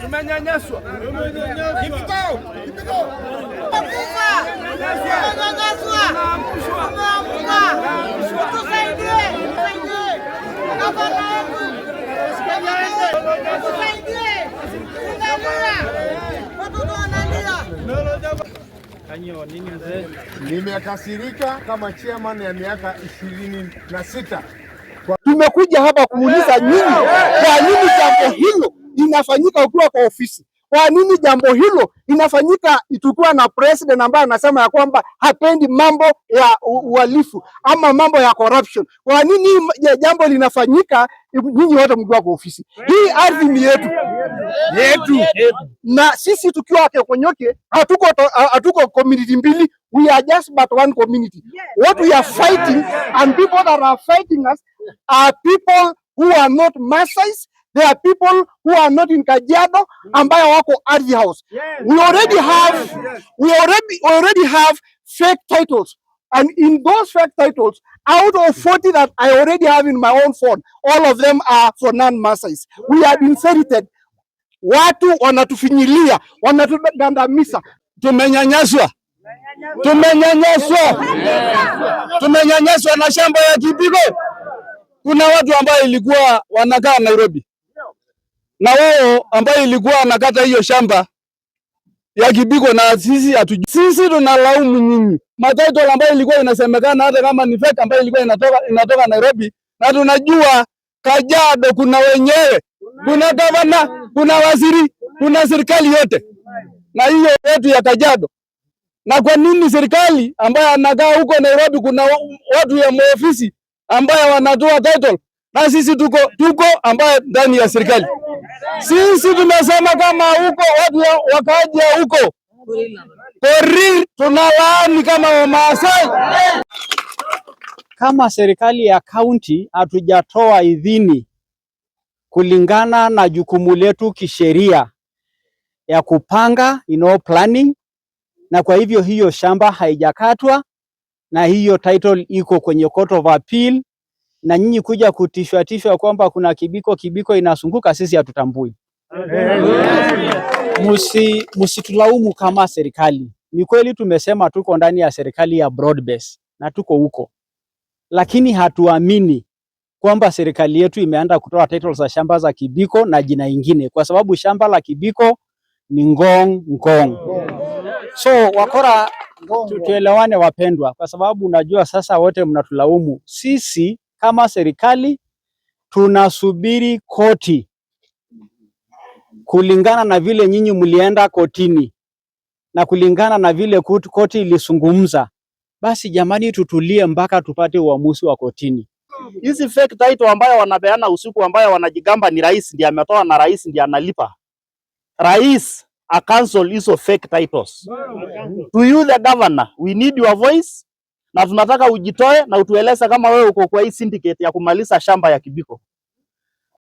Tumenyanyaswa, tumenyanyaswa, nimekasirika kama chairman ya miaka ishirini na sita Tumekuja hapa kumuuliza nyinyi, kwa nini jambo hilo linafanyika ukiwa kwa ofisi? Kwa nini jambo hilo linafanyika tukiwa na president ambaye anasema ya kwamba hapendi mambo ya uhalifu ama mambo ya corruption? Kwa nini jambo linafanyika nyinyi wote mkiwa kwa ofisi? Hii ardhi ni yetu yetu, na sisi tukiwa Akekonyoke hatuko hatuko community mbili, we are just but one community. What we are fighting and people that are fighting us are people who are not Maasais, there are people who are not in Kajiado hmm. ambayo wako ardhi house. We already have we already already have fake titles and in those fake titles out of 40 hmm. that I already have in my own phone all of them are for non-Maasais. We are inherited. Watu wanatufinyilia, wanatugandamiza, tumenyanyaswa tumenyanyaswa tumenyanyaswa na shamba ya Kibigo kuna watu ambao ilikuwa wanakaa Nairobi na wao ambao ilikuwa anakata hiyo shamba ya Kibiko na sisi hatujui. Sisi tunalaumu nyinyi matoto ambayo ilikuwa inasemekana hata kama ni fake ambayo ilikuwa inatoka, inatoka Nairobi na tunajua Kajado kuna wenyewe, kuna gavana, kuna waziri, kuna serikali yote na hiyo yetu ya Kajado. Na kwa nini serikali ambayo anakaa huko Nairobi kuna watu ya maofisi ambaye wanatoa title na sisi tuko tuko ambaye ndani ya serikali. Sisi tunasema kama huko watu wakaja huko pori, tunalaani kama Wamaasai. Kama serikali ya kaunti hatujatoa idhini kulingana na jukumu letu kisheria ya kupanga you know, planning na kwa hivyo hiyo shamba haijakatwa na hiyo title iko kwenye court of appeal, na nyinyi kuja kutishwa tishwa kwamba kuna kibiko kibiko inasunguka, sisi hatutambui. musitulaumu kama serikali. Ni kweli tumesema tuko ndani ya serikali ya broad base na tuko huko, lakini hatuamini kwamba serikali yetu imeanza kutoa title za shamba za kibiko na jina ingine, kwa sababu shamba la kibiko ni ngong ngong. So wakora tuelewane wapendwa, kwa sababu unajua sasa wote mnatulaumu. Sisi kama serikali tunasubiri koti kulingana na vile nyinyi mlienda kotini na kulingana na vile koti ilizungumza. Basi jamani, tutulie mpaka tupate uamuzi wa kotini. Hizi fake title ambayo wanapeana usiku, ambayo wanajigamba ni rais ndiye ametoa na rais ndiye analipa rais a cancel hizo fake titles. To you the governor, we need your voice na tunataka ujitoe na utueleze kama wewe uko kwa hii syndicate ya kumaliza shamba ya Kibiko.